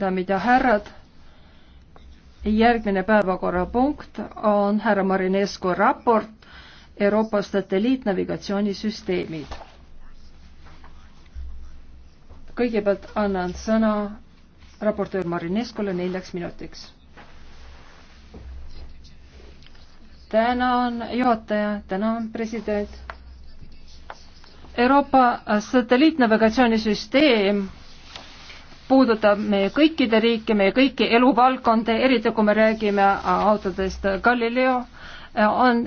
daamid ja härrad, järgmine päevakorrapunkt on härra Marinesko raport Euroopa satelliitnavigatsioonisüsteemid. kõigepealt annan sõna raportöör Marineskole neljaks minutiks. tänan juhataja, tänan president Euroopa satelliitnavigatsioonisüsteem puudutab meie kõikide riike, meie kõiki eluvaldkondi, eriti kui me räägime autodest. Galileo äh, on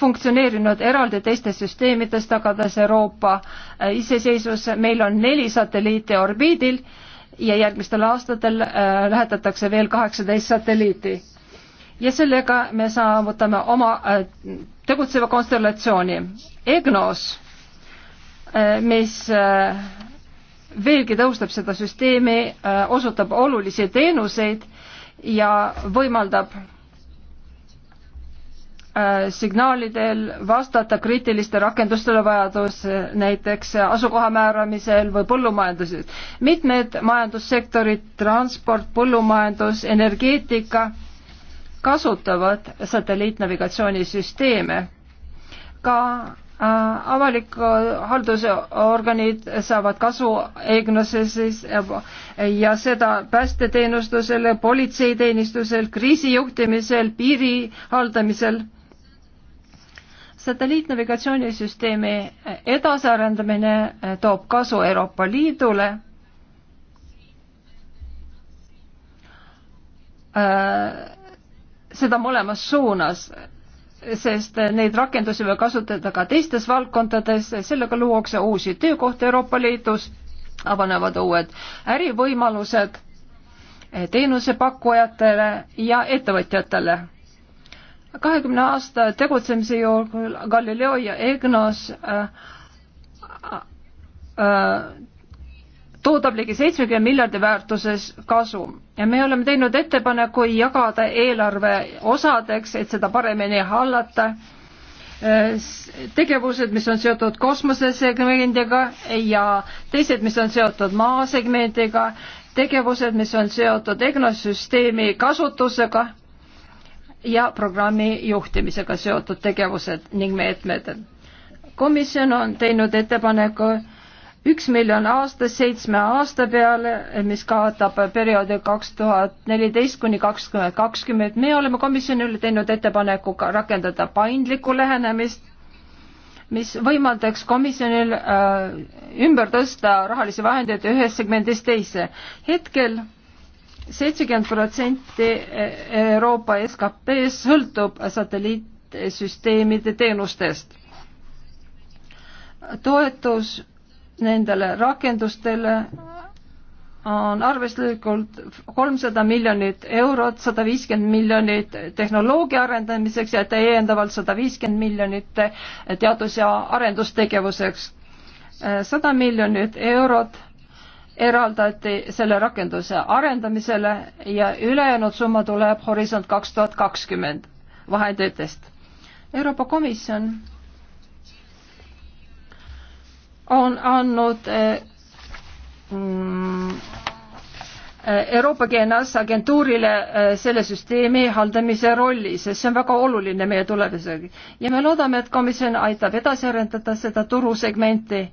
funktsioneerinud eraldi teistest süsteemidest, tagades Euroopa äh, iseseisvus. meil on neli satelliiti orbiidil ja järgmistel aastatel äh, lähetatakse veel kaheksateist satelliiti. ja sellega me saavutame oma tegutseva konstellatsiooni. EGNOS, mis veelgi tõustab seda süsteemi, äh, osutab olulisi teenuseid ja võimaldab äh, signaalidel vastata kriitiliste rakendustele vajadus äh, näiteks asukoha määramisel või põllumajanduses. mitmed majandussektorid, transport, põllumajandus, energeetika kasutavad satelliitnavigatsioonisüsteeme. ka Äh, avaliku äh, haldusorganid saavad kasu EGNOS-is äh, ja seda päästeteenistusele, politseiteenistusel, kriisijuhtimisel, piiri haldamisel. satelliitnavigatsioonisüsteemi edasiarendamine toob kasu Euroopa Liidule seda mõlemas suunas sest neid rakendusi võib kasutada ka teistes valdkondades, sellega luuakse uusi töökohti Euroopa Liidus, avanevad uued ärivõimalused teenusepakkujatele ja ettevõtjatele. kahekümne aasta tegutsemise jooksul Galileo ja EGNOS äh, äh, toodab ligi seitsmekümne miljardi väärtuses kasum ja me oleme teinud ettepaneku jagada eelarve osadeks, et seda paremini hallata. Äh, tegevused, mis on seotud kosmosesegmendiga ja teised, mis on seotud maasegmendiga, tegevused, mis on seotud EGNOS-süsteemi kasutusega ja programmi juhtimisega seotud tegevused ning meetmed. komisjon on teinud ettepaneku üks miljon aastas seitsme aasta peale, mis kaotab perioodi kaks tuhat neliteist kuni kakskümmend kakskümmend. me oleme komisjonile teinud ettepaneku ka rakendada paindlikku lähenemist, mis võimaldaks komisjonil äh, ümber tõsta rahalisi vahendeid ühest segmendist teise. hetkel seitsekümmend protsenti Euroopa SKP-s sõltub satelliitsüsteemide teenustest. toetus nendele rakendustele on arvestuslikult kolmsada miljonit eurot, sada viiskümmend miljonit tehnoloogia arendamiseks ja täiendavalt sada viiskümmend miljonit teadus- ja arendustegevuseks. sada miljonit eurot eraldati selle rakenduse arendamisele ja ülejäänud summa tuleb Horisont kaks tuhat kakskümmend vahenditest. Euroopa Komisjon on andnud eh, mm, eh, Euroopa GNS agentuurile eh, selle süsteemi haldamise rolli, sest see on väga oluline meie tulevisega. ja me loodame, et komisjon aitab edasi arendada seda turusegmenti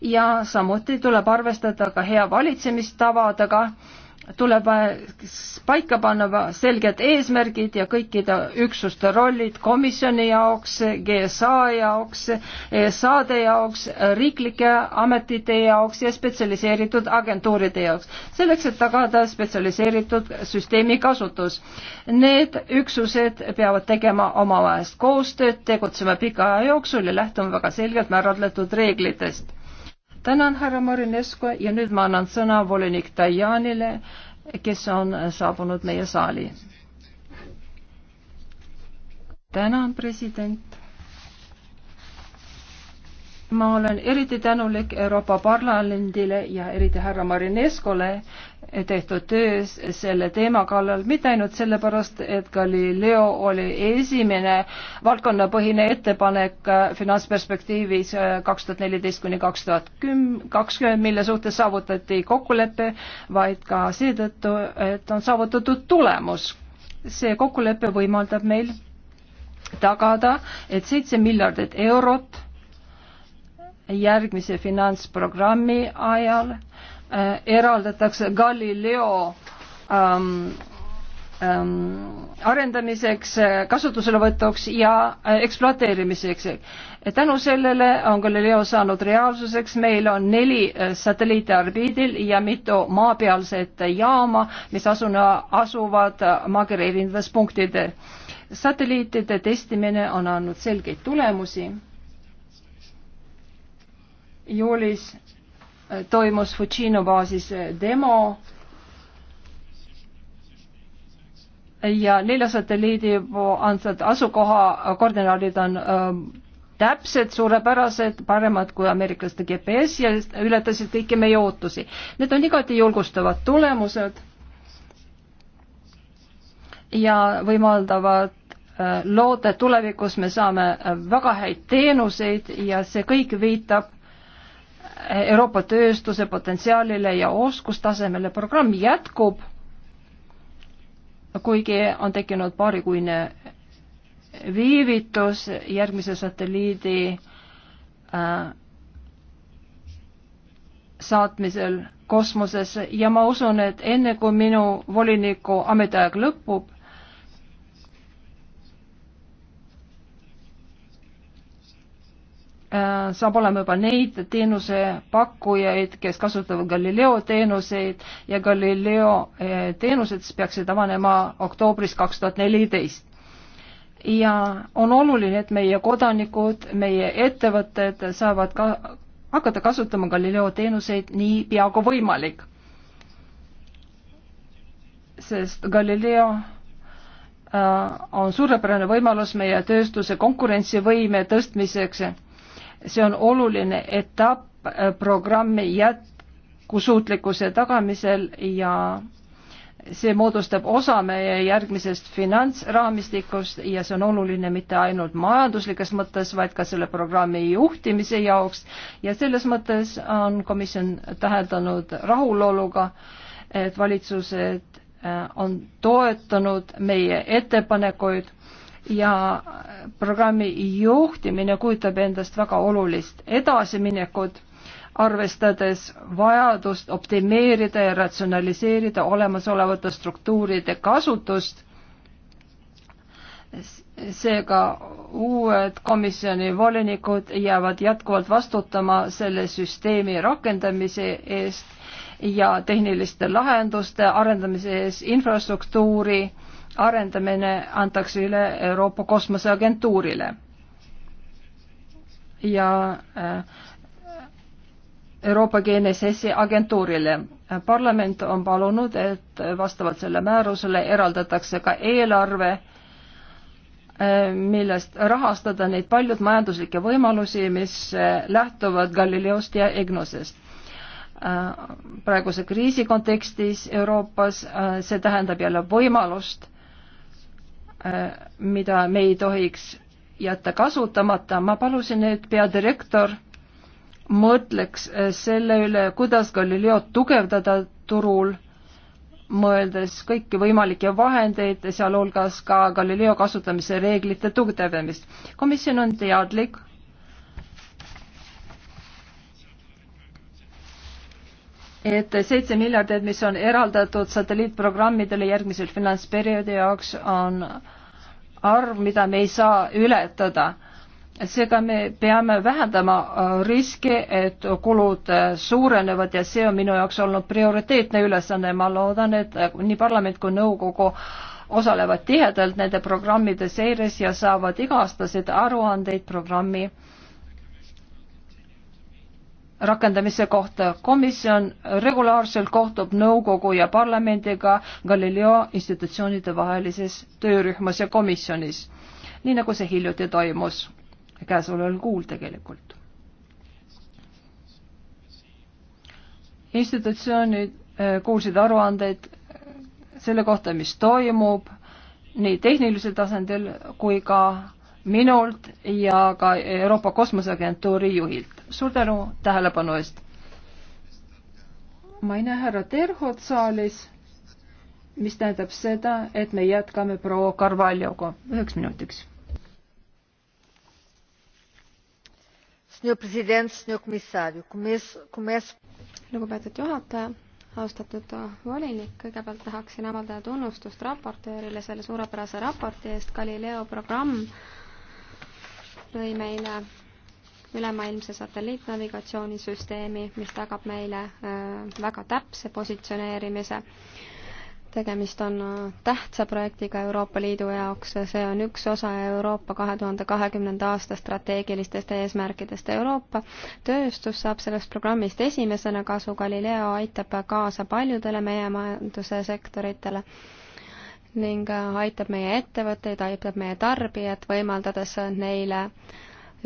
ja samuti tuleb arvestada ka hea valitsemistavadega tuleb paika panna selged eesmärgid ja kõikide üksuste rollid komisjoni jaoks, GSA jaoks, ESA-de jaoks, riiklike ametite jaoks ja spetsialiseeritud agentuuride jaoks, selleks et tagada spetsialiseeritud süsteemi kasutus. Need üksused peavad tegema omavahelist koostööd, tegutsema pika aja jooksul ja lähtuma väga selgelt määratletud reeglitest tänan, härra Marinesko ja nüüd ma annan sõna volinik Dajanile, kes on saabunud meie saali. tänan, president ma olen eriti tänulik Euroopa Parlamendile ja eriti härra Marineskole tehtud töös selle teema kallal, mitte ainult sellepärast, et Galileo oli esimene valdkonnapõhine ettepanek finantsperspektiivis kaks tuhat neliteist kuni kaks tuhat küm-, kakskümmend, mille suhtes saavutati kokkulepe, vaid ka seetõttu, et on saavutatud tulemus. see kokkulepe võimaldab meil tagada, et seitse miljardit eurot järgmise finantsprogrammi ajal äh, eraldatakse Galileo ähm, ähm, arendamiseks, äh, kasutuselevõtuks ja äh, ekspluateerimiseks. tänu sellele on Galileo saanud reaalsuseks, meil on neli äh, satelliiti orbiidil ja mitu maapealset jaama, mis asuna, asuvad maakera erinevates punktides. satelliitide testimine on andnud selgeid tulemusi juulis äh, toimus Fucino baasis äh, demo ja nelja satelliidi antud asukoha äh, koordinaadid on ähm, täpsed, suurepärased, paremad kui ameeriklaste GPS ja ületasid kõiki meie ootusi. Need on igati julgustavad tulemused ja võimaldavad loota, et tulevikus me saame väga häid teenuseid ja see kõik viitab Euroopa tööstuse potentsiaalile ja oskustasemele programm jätkub, kuigi on tekkinud paarikuine viivitus järgmise satelliidi äh, saatmisel kosmosesse ja ma usun, et enne kui minu voliniku ametiaeg lõpub, Äh, saab olema juba neid teenusepakkujaid, kes kasutavad Galileo teenuseid ja Galileo äh, teenused siis peaksid avanema oktoobris kaks tuhat neliteist. ja on oluline, et meie kodanikud, meie ettevõtted saavad ka hakata kasutama Galileo teenuseid nii pea kui võimalik. sest Galileo äh, on suurepärane võimalus meie tööstuse konkurentsivõime tõstmiseks see on oluline etapp äh, programmi jätkusuutlikkuse tagamisel ja see moodustab osa meie järgmisest finantsraamistikust ja see on oluline mitte ainult majanduslikes mõttes, vaid ka selle programmi juhtimise jaoks ja selles mõttes on komisjon täheldanud rahuloluga, et valitsused äh, on toetanud meie ettepanekuid ja programmi juhtimine kujutab endast väga olulist edasiminekut, arvestades vajadust optimeerida ja ratsionaliseerida olemasolevate struktuuride kasutust. seega uued komisjoni volinikud jäävad jätkuvalt vastutama selle süsteemi rakendamise eest ja tehniliste lahenduste arendamise ees infrastruktuuri arendamine antakse üle Euroopa Kosmoseagentuurile. ja äh, Euroopa GNSS-i agentuurile. parlament on palunud, et vastavalt selle määrusele eraldatakse ka eelarve, äh, millest rahastada neid paljud majanduslikke võimalusi, mis äh, lähtuvad Galileost ja Egnosest praeguse kriisi kontekstis Euroopas, see tähendab jälle võimalust Äh, mida me ei tohiks jätta kasutamata. ma palusin, et peadirektor mõtleks äh, selle üle, kuidas Galileod tugevdada turul, mõeldes kõiki võimalikke vahendeid, sealhulgas ka Galileo kasutamise reeglite tugevdamist. komisjon on teadlik et seitse miljardit, mis on eraldatud satelliitprogrammidele järgmisel finantsperioodi jaoks, on arv, mida me ei saa ületada. seega me peame vähendama äh, riske, et kulud äh, suurenevad ja see on minu jaoks olnud prioriteetne ülesanne. ma loodan, et äh, nii parlament kui nõukogu osalevad tihedalt nende programmide seires ja saavad iga-aastaseid aruandeid programmi äh, rakendamise kohta. komisjon regulaarselt kohtub nõukogu ja parlamendiga Galileo institutsioonide vahelises töörühmas ja komisjonis, nii nagu see hiljuti toimus, käesoleval kuul tegelikult. institutsioonid eh, kuulsid aruandeid selle kohta, mis toimub nii tehnilisel tasandil kui ka minult ja ka Euroopa Kosmoseagentuuri juhilt suur tänu tähelepanu eest. ma ei näe härra Terhot saalis, mis tähendab seda, et me jätkame proua Carvalhoga üheks minutiks. lugupeetud juhataja, austatud volinik, kõigepealt tahaksin avaldada tunnustust raportöörile selle suurepärase raporti eest, Galileo programm lõi meile ülemaailmse satelliitnavigatsioonisüsteemi, mis tagab meile äh, väga täpse positsioneerimise. tegemist on äh, tähtsa projektiga Euroopa Liidu jaoks, see on üks osa Euroopa kahe tuhande kahekümnenda aasta strateegilistest eesmärkidest. Euroopa tööstus saab sellest programmist esimesena kasu, Galileo aitab kaasa paljudele meie majanduse sektoritele ning äh, aitab meie ettevõtteid, aitab meie tarbijat, võimaldades neile äh,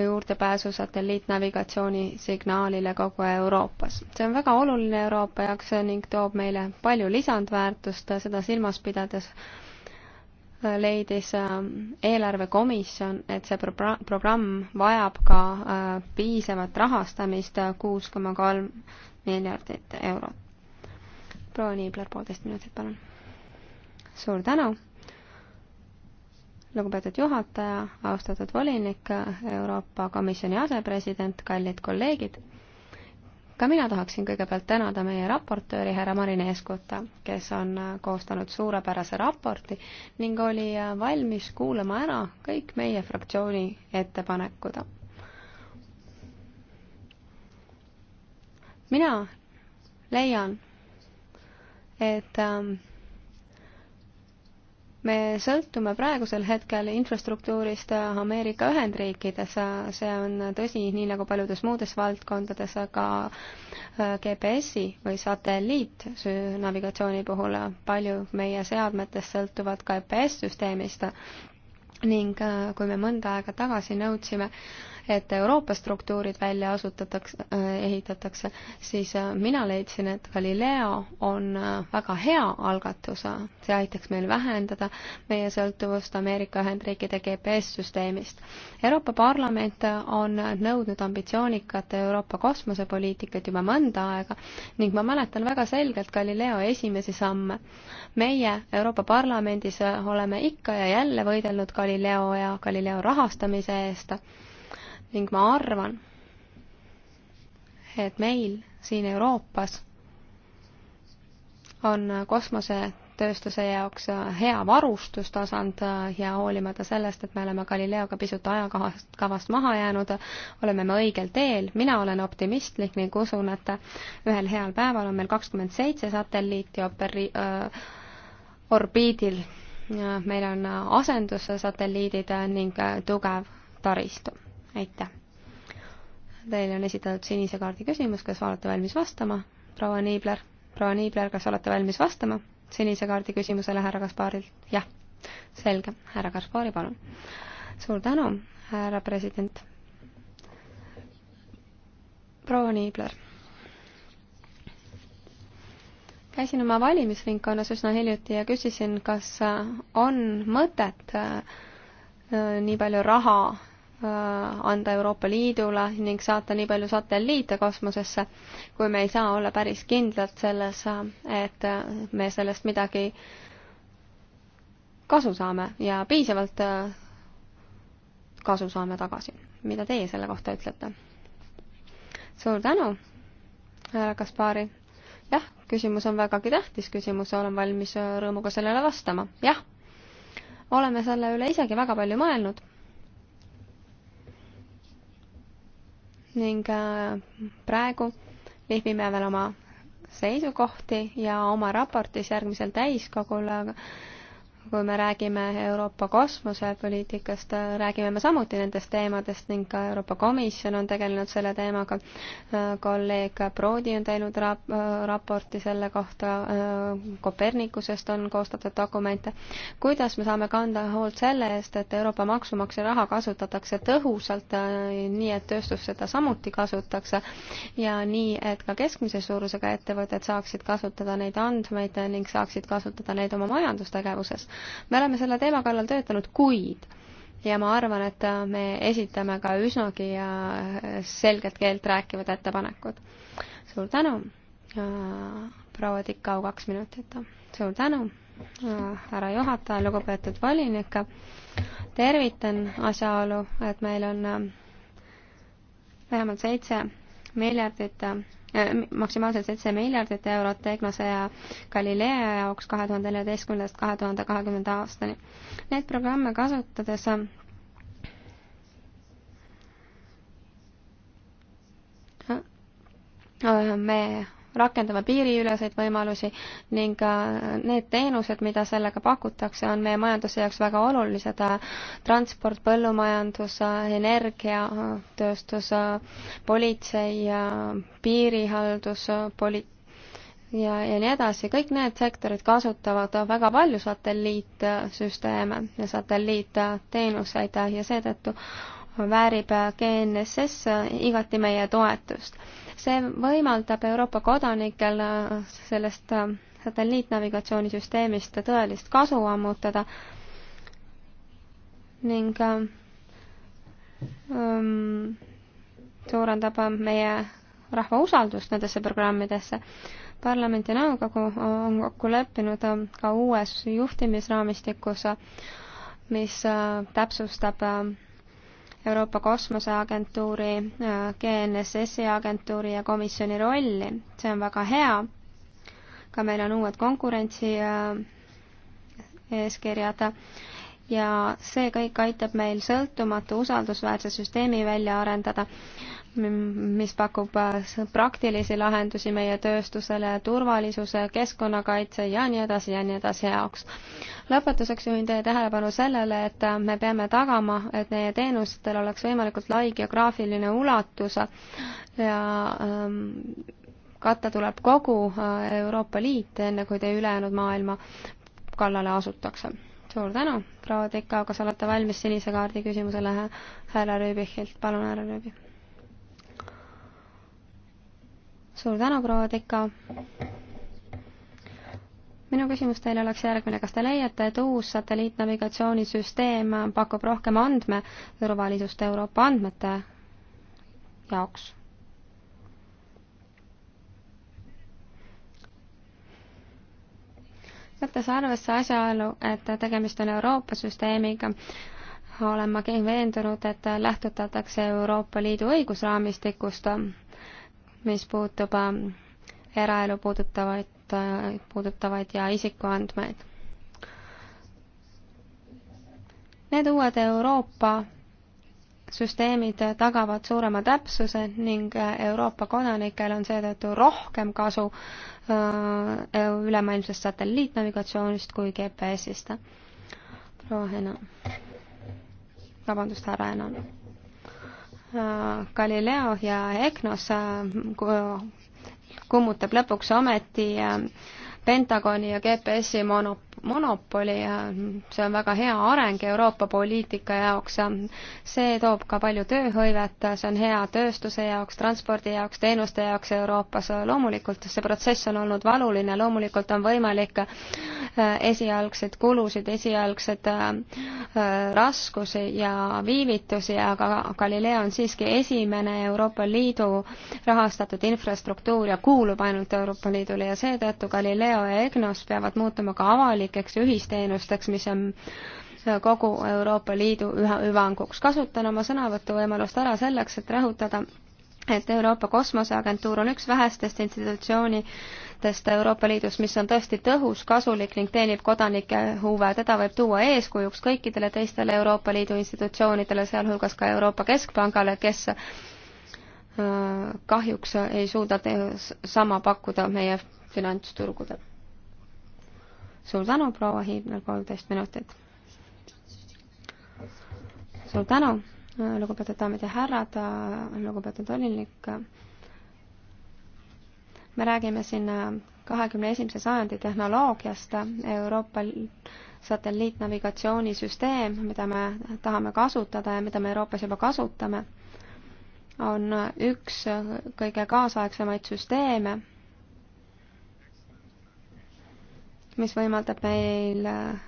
juurdepääsu satelliitnavigatsiooni signaalile kogu Euroopas. see on väga oluline Euroopa jaoks ning toob meile palju lisandväärtust, seda silmas pidades leidis äh, eelarvekomisjon, et see pro-, programm vajab ka äh, piisavat rahastamist, äh, kuus koma kolm miljardit eurot. proua Niibler, poolteist minutit, palun. suur tänu lugupeetud juhataja, austatud volinik, Euroopa Komisjoni asepresident, kallid kolleegid. ka mina tahaksin kõigepealt tänada meie raportööri härra Marin Eeskuta, kes on koostanud suurepärase raporti ning oli valmis kuulama ära kõik meie fraktsiooni ettepanekud. mina leian, et ähm, me sõltume praegusel hetkel infrastruktuurist Ameerika Ühendriikides, see on tõsi, nii nagu paljudes muudes valdkondades, aga äh, GPS-i või satelliitnavigatsiooni puhul palju meie seadmetest sõltuvad ka GPS-süsteemist ning äh, kui me mõnda aega tagasi nõudsime et Euroopa struktuurid välja asutatakse, äh, ehitatakse, siis äh, mina leidsin, et Galileo on äh, väga hea algatus, see aitaks meil vähendada meie sõltuvust Ameerika Ühendriikide GPS-süsteemist. Euroopa Parlament on nõudnud ambitsioonikat Euroopa kosmosepoliitikat juba mõnda aega ning ma mäletan väga selgelt Galileo esimesi samme. meie Euroopa Parlamendis oleme ikka ja jälle võidelnud Galileo ja Galileo rahastamise eest ning ma arvan, et meil siin Euroopas on kosmosetööstuse jaoks hea varustustasand ja hoolimata sellest, et me oleme Galileoga pisut ajakavast kavast maha jäänud, oleme me õigel teel. mina olen optimistlik ning usun, et ühel heal päeval on meil kakskümmend seitse satelliiti operi-, orbiidil. meil on asendussatelliidid ning tugev taristu aitäh! Teile on esitatud sinise kaardi küsimus, kas olete valmis vastama, proua Niibler? proua Niibler, kas olete valmis vastama sinise kaardi küsimusele härra Kasparilt? jah, selge, härra Kaspari, palun. suur tänu, härra president. proua Niibler käisin oma valimisringkonnas üsna hiljuti ja küsisin, kas on mõtet äh, nii palju raha Äh, anda Euroopa Liidule ning saata nii palju satelliite kosmosesse, kui me ei saa olla päris kindlad selles, äh, et äh, me sellest midagi kasu saame ja piisavalt kasu saame tagasi. mida teie selle kohta ütlete? suur tänu, härra Kaspari. jah, küsimus on vägagi tähtis küsimus, olen valmis rõõmuga sellele vastama. jah, oleme selle üle isegi väga palju mõelnud ning äh, praegu lehvime veel oma seisukohti ja oma raportis järgmisel täiskogul kui me räägime Euroopa kosmosepoliitikast, räägime me samuti nendest teemadest ning ka Euroopa Komisjon on tegelenud selle teemaga. kolleeg Prodi on teinud rap-, raporti selle kohta, Kopernikusest on koostatud dokumente. kuidas me saame kanda hoolt selle eest, et Euroopa maksumaksja raha kasutatakse tõhusalt, nii et tööstus seda samuti kasutaks ja nii, et ka keskmise suurusega ettevõtted saaksid kasutada neid andmeid ning saaksid kasutada neid oma majandustegevuses me oleme selle teema kallal töötanud kuid ja ma arvan, et me esitame ka üsnagi äh, selget keelt rääkivad ettepanekud. suur tänu, äh, proua Tikau, kaks minutit. suur tänu, äh, härra juhataja, lugupeetud volinik. tervitan asjaolu, et meil on vähemalt seitse miljardit Äh, maksimaalselt seitse miljardit eurot EGNOS-e ja Galileo jaoks kahe tuhande neljateistkümnendast kahe tuhande kahekümnenda aastani. Neid programme kasutades äh, me rakendame piiriüleseid võimalusi ning äh, need teenused, mida sellega pakutakse, on meie majanduse jaoks väga olulised. Äh, transport, põllumajandus, äh, energia, tööstus, politsei, piirihaldus, poli- ja, ja nii edasi, kõik need sektorid kasutavad väga palju satelliitsüsteeme ja satelliitteenuseid ja seetõttu väärib GNSS igati meie toetust. see võimaldab Euroopa kodanikel sellest satelliitnavigatsioonisüsteemist tõelist kasu ammutada ning ähm, suurendab meie rahva usaldust nendesse programmidesse. parlament ja nõukogu on kokku leppinud ka uues juhtimisraamistikus, mis äh, täpsustab äh, Euroopa Kosmoseagentuuri, GNSS-i agentuuri ja komisjoni rolli, see on väga hea. ka meil on uued konkurentsi äh, eeskirjad ja see kõik aitab meil sõltumatu usaldusväärse süsteemi välja arendada mis pakub äh, praktilisi lahendusi meie tööstusele, turvalisuse, keskkonnakaitse ja nii edasi ja nii edasi jaoks. lõpetuseks juhin teie tähelepanu sellele, et äh, me peame tagama, et meie teenustel oleks võimalikult lai geograafiline ulatus ja ähm, katta tuleb kogu äh, Euroopa Liit, enne kui te ülejäänud maailma kallale asutakse. suur tänu, proua Tikka, kas olete valmis sinise kaardi küsimusele härra Rüübichilt, palun härra Rüübich suur tänu, proua Teka. minu küsimus teile oleks järgmine, kas te leiate, et uus satelliitnavigatsioonisüsteem pakub rohkem andmeturvalisust Euroopa andmete jaoks? võttes arvesse asjaolu, et tegemist on Euroopa süsteemiga, olen ma veendunud, et lähtutatakse Euroopa Liidu õigusraamistikust mis puutub ähm, eraelu puudutavaid, äh, puudutavaid ja isikuandmeid. Need uued Euroopa süsteemid tagavad suurema täpsuse ning äh, Euroopa kodanikel on seetõttu rohkem kasu äh, ülemaailmsest satelliitnavigatsioonist kui GPS-ist. proua Hena, vabandust, härra Hena Äh, Galileo ja EGNOS äh, kummutab lõpuks ometi äh, Pentagoni ja GPS-i monopoli monopoli ja see on väga hea areng Euroopa poliitika jaoks. see toob ka palju tööhõivet, see on hea tööstuse jaoks, transpordi jaoks, teenuste jaoks Euroopas. loomulikult see protsess on olnud valuline, loomulikult on võimalik esialgseid kulusid, esialgseid äh, raskusi ja viivitusi, aga Galileo on siiski esimene Euroopa Liidu rahastatud infrastruktuur ja kuulub ainult Euroopa Liidule ja seetõttu Galileo ja EGNOS peavad muutuma ka avalikult avalikeks ühisteenusteks, mis on kogu Euroopa Liidu üha hüvanguks. kasutan oma sõnavõtuvõimalust ära selleks, et rõhutada, et Euroopa Kosmoseagentuur on üks vähestest institutsioonidest Euroopa Liidus, mis on tõesti tõhus, kasulik ning teenib kodanike huve. teda võib tuua eeskujuks kõikidele teistele Euroopa Liidu institutsioonidele, sealhulgas ka Euroopa Keskpangale, kes äh, kahjuks ei suuda sama pakkuda meie finantsturgudel suur tänu, proua Hiidmer, kolmteist minutit. suur tänu, lugupeetud daamid ja härrad, lugupeetud volinik. me räägime siin kahekümne esimese sajandi tehnoloogiast, Euroopa satelliitnavigatsioonisüsteem, mida me tahame kasutada ja mida me Euroopas juba kasutame, on üks kõige kaasaegsemaid süsteeme mis võimaldab meil äh,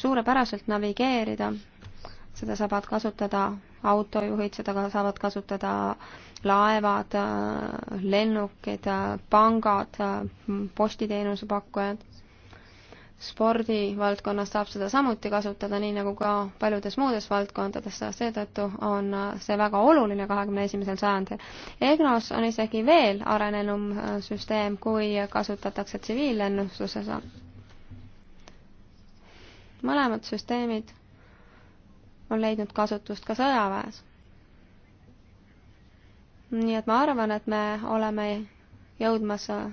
suurepäraselt navigeerida. seda saavad kasutada autojuhid, seda saavad kasutada laevad, äh, lennukid, äh, pangad, postiteenuse pakkujad spordivaldkonnas saab seda samuti kasutada, nii nagu ka paljudes muudes valdkondades, seetõttu on see väga oluline kahekümne esimesel sajandil. EGNOS on isegi veel arenenum äh, süsteem, kui kasutatakse tsiviillennustuses. mõlemad süsteemid on leidnud kasutust ka sõjaväes. nii et ma arvan, et me oleme jõudmas äh,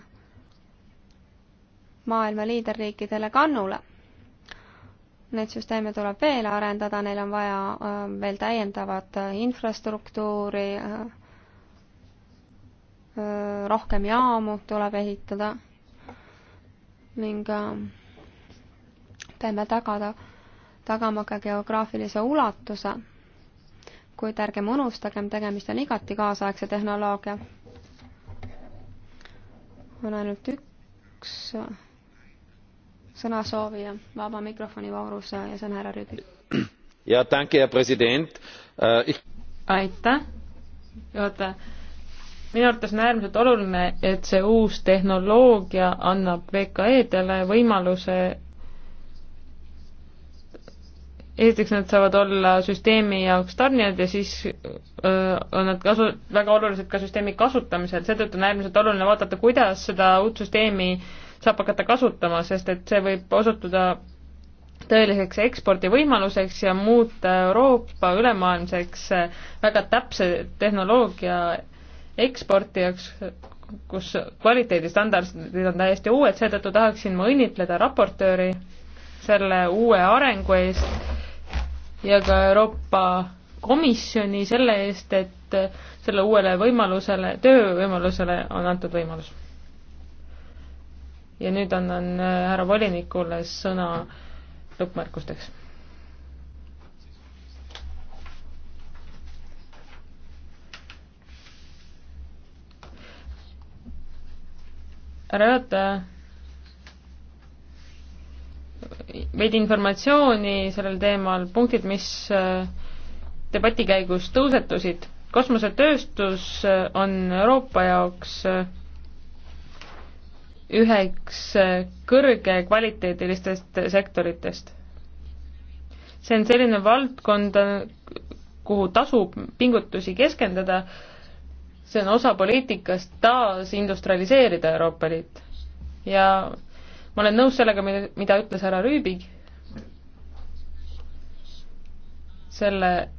maailma liiderriikidele kannule. Need süsteeme tuleb veel arendada, neil on vaja äh, veel täiendavat äh, infrastruktuuri, äh, rohkem jaamu tuleb ehitada ning peame tagada, tagama ka geograafilise ulatuse, kuid ärgem unustagem, tegemist on igati kaasaegse tehnoloogia. on ainult üks sõnasoovija vaba mikrofoni voorus ja sõna härra Rüübik. ja tänke, hea president äh, ich.... aitäh, juhataja. minu arvates on äärmiselt oluline, et see uus tehnoloogia annab VKE-dele võimaluse esiteks nad saavad olla süsteemi jaoks tarnijad ja siis öö, äh, on nad kasu, väga olulised ka süsteemi kasutamisel, seetõttu on äärmiselt oluline vaadata, kuidas seda uut süsteemi öö, saab hakata kasutama, sest et see võib osutuda tõeliseks ekspordivõimaluseks ja muuta Euroopa ülemaailmseks eh, väga täpse tehnoloogia eksportijaks, kus kvaliteedistandardid on täiesti uued, seetõttu tahaksin ma õnnitleda raportööri selle uue arengu eest ja ka Euroopa Komisjoni selle eest, et selle uuele võimalusele, töövõimalusele on antud võimalus ja nüüd annan äh, härra volinikule sõna lõppmärkusteks. härra juhataja, veidi informatsiooni sellel teemal, punktid, mis äh, debati käigus tõusetusid. kosmosetööstus äh, on Euroopa jaoks üheks kõrgekvaliteedilistest sektoritest. see on selline valdkond, kuhu tasub pingutusi keskenduda, see on osa poliitikast taasindustrialiseerida Euroopa Liit. ja ma olen nõus sellega, mida ütles härra Rüübig, selle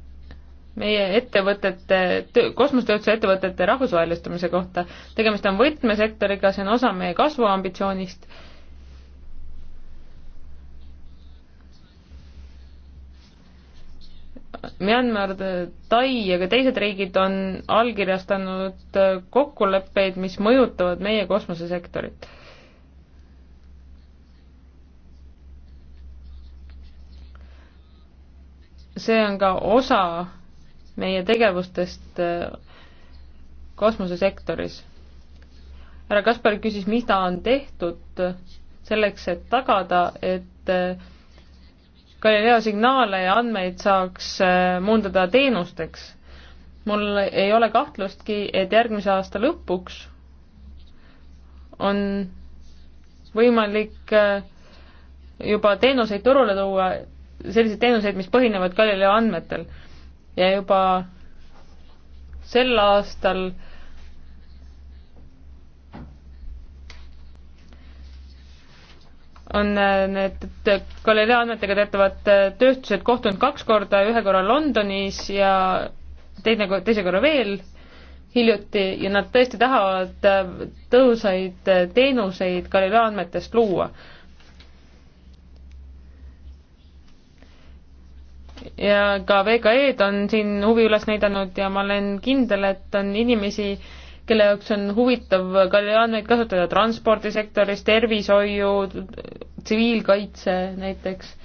meie ettevõtete, kosmosetööstuse ettevõtete rahvusvahelistumise kohta. tegemist on võtmesektoriga, see on osa meie kasvuambitsioonist. Myanmar, Tai ja ka teised riigid on allkirjastanud kokkuleppeid, mis mõjutavad meie kosmosesektorit see on ka osa meie tegevustest äh, kosmosesektoris. härra Kaspar küsis, mida on tehtud selleks, et tagada, et äh, Galileo signaale ja andmeid saaks äh, muundada teenusteks. mul ei ole kahtlustki, et järgmise aasta lõpuks on võimalik juba teenuseid turule tuua, selliseid teenuseid, mis põhinevad Galileo andmetel ja juba sel aastal on äh, need galeria andmetega töötavad äh, tööstused kohtunud kaks korda, ühe korra Londonis ja teine, teise korra veel hiljuti ja nad tõesti tahavad äh, tõhusaid teenuseid galeria andmetest luua ja ka VKE-d on siin huvi üles näidanud ja ma olen kindel, et on inimesi, kelle jaoks on huvitav ka andmeid kasutada transpordisektoris, tervishoiu, tsiviilkaitse näiteks.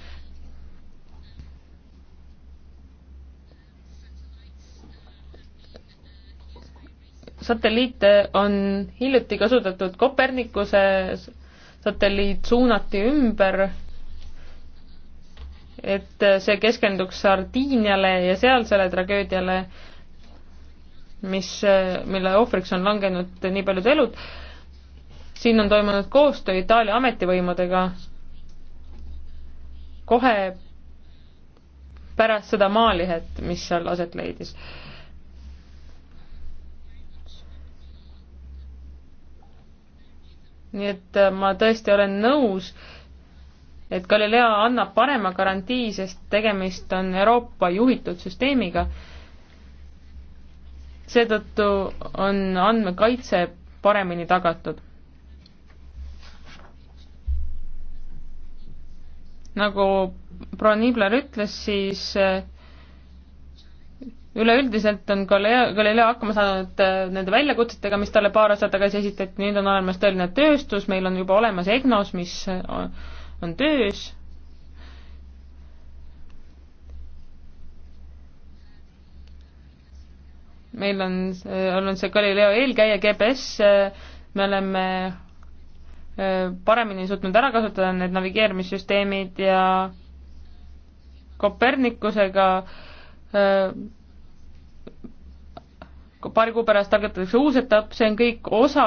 satelliite on hiljuti kasutatud Kopernikuse satelliit suunati ümber et see keskenduks Sardiiniale ja sealsele tragöödiale, mis, mille ohvriks on langenud nii paljud elud. siin on toimunud koostöö Itaalia ametivõimudega kohe pärast seda maalihet, mis seal aset leidis. nii et ma tõesti olen nõus, et Galileo annab parema garantii, sest tegemist on Euroopa juhitud süsteemiga. seetõttu on andmekaitse paremini tagatud. nagu proua Niibler ütles, siis eh, üleüldiselt on Galileo, Galileo hakkama saanud eh, nende väljakutsetega, mis talle paar aastat tagasi esitati, nüüd on olemas tõeline tööstus, meil on juba olemas EGNOS, mis on, eh, on töös. meil on olnud see Galileo eelkäija GPS, me oleme äh, paremini suutnud ära kasutada need navigeerimissüsteemid ja Kopernikusega äh, paari kuu pärast algatatakse uus etapp, see on kõik osa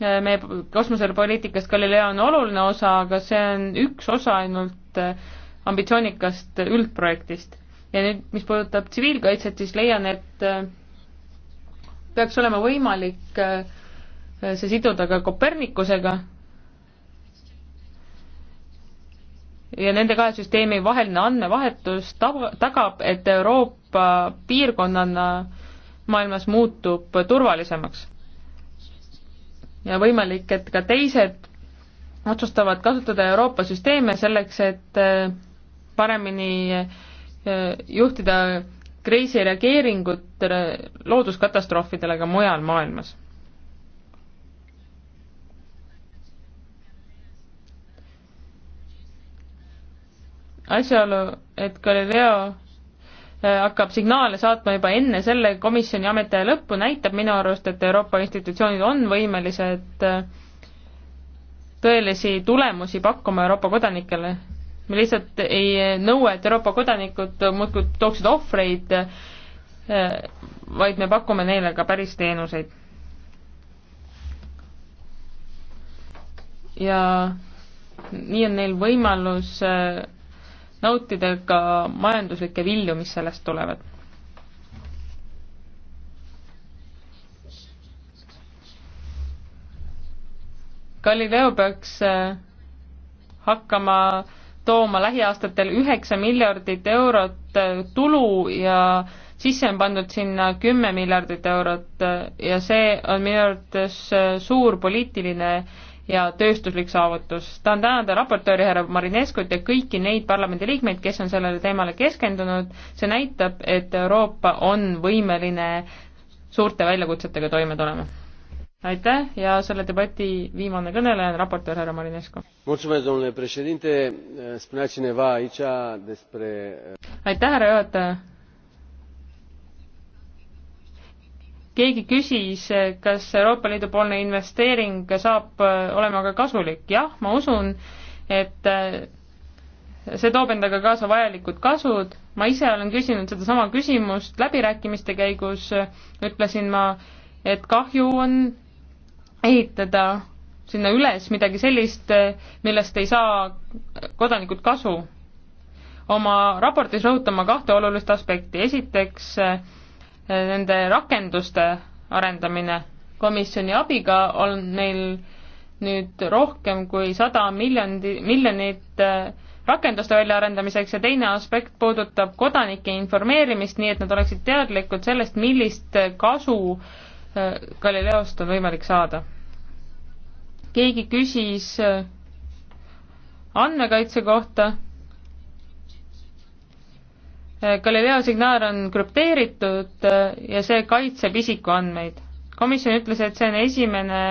meie kosmosepoliitikast Galileo on oluline osa, aga see on üks osa ainult äh, ambitsioonikast üldprojektist. ja nüüd, mis puudutab tsiviilkaitset, siis leian, et äh, peaks olema võimalik äh, see siduda ka Kopernikusega, ja nende kahe süsteemi vaheline andmevahetus tab-, tagab, et Euroopa piirkonnana maailmas muutub turvalisemaks ja võimalik, et ka teised otsustavad kasutada Euroopa süsteeme selleks, et äh, paremini äh, juhtida kriisireageeringut äh, looduskatastroofidele ka mujal maailmas. asjaolu, et Galileo Äh, hakkab signaale saatma juba enne selle komisjoni ametiaja lõppu, näitab minu arust, et Euroopa institutsioonid on võimelised äh, tõelisi tulemusi pakkuma Euroopa kodanikele. me lihtsalt ei äh, nõua, et Euroopa kodanikud muudkui tooksid ohvreid, vaid me pakume neile ka päris teenuseid. ja nii on neil võimalus nautida ka majanduslikke vilju, mis sellest tulevad. Galileo peaks äh, hakkama tooma lähiaastatel üheksa miljardit eurot äh, tulu ja sisse on pandud sinna kümme miljardit eurot äh, ja see on minu arvates suur poliitiline ja tööstuslik saavutus. tahan tänada raportööri härra Marineskut ja kõiki neid parlamendiliikmeid, kes on sellele teemale keskendunud, see näitab, et Euroopa on võimeline suurte väljakutsetega toime tulema. aitäh ja selle debati viimane kõneleja on raportöör härra Marinescu. aitäh, härra juhataja keegi küsis, kas Euroopa Liidu poolne investeering saab äh, olema ka kasulik, jah, ma usun, et äh, see toob endaga kaasa vajalikud kasud, ma ise olen küsinud sedasama küsimust läbirääkimiste käigus, ütlesin ma, et kahju on ehitada sinna üles midagi sellist, millest ei saa kodanikud kasu. oma raportis rõhutan ma kahte olulist aspekti, esiteks äh, nende rakenduste arendamine. komisjoni abiga on neil nüüd rohkem kui sada miljondi, miljonit äh, rakenduste väljaarendamiseks ja teine aspekt puudutab kodanike informeerimist, nii et nad oleksid teadlikud sellest, millist äh, kasu äh, Galileost on võimalik saada. keegi küsis andmekaitse kohta Galileo signaal on krüpteeritud äh, ja see kaitseb isikuandmeid. komisjon ütles, et see on esimene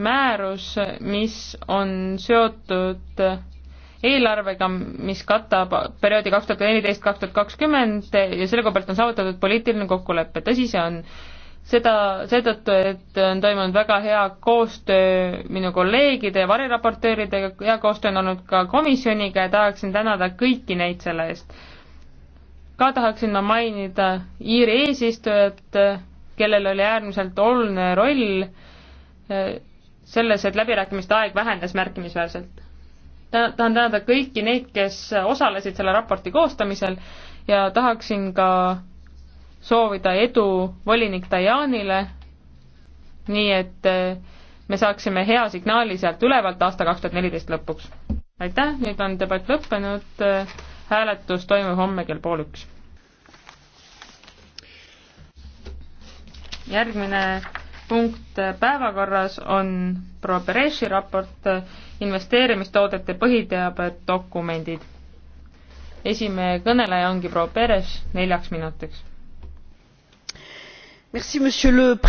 määrus, mis on seotud äh, eelarvega, mis katab perioodi kaks tuhat neliteist, kaks tuhat kakskümmend ja selle koha pealt on saavutatud poliitiline kokkulepe, tõsi see on. seda seetõttu, et on toimunud väga hea koostöö minu kolleegide ja variraportööridega, hea koostöö on olnud ka komisjoniga ja tahaksin tänada kõiki neid selle eest ka tahaksin ma mainida Iiri eesistujat, kellel oli äärmiselt oluline roll eh, selles, et läbirääkimiste aeg vähenes märkimisväärselt. tahan tänada kõiki neid, kes osalesid selle raporti koostamisel ja tahaksin ka soovida edu volinik Dajanile, nii et eh, me saaksime hea signaali sealt ülevalt aasta kaks tuhat neliteist lõpuks. aitäh, nüüd on debatt lõppenud. Eh, hääletus toimub homme kell pool üks. järgmine punkt päevakorras on proua Bereshi raport investeerimistoodete põhiteabedokumendid. esimene kõneleja ongi proua Beres neljaks minutiks.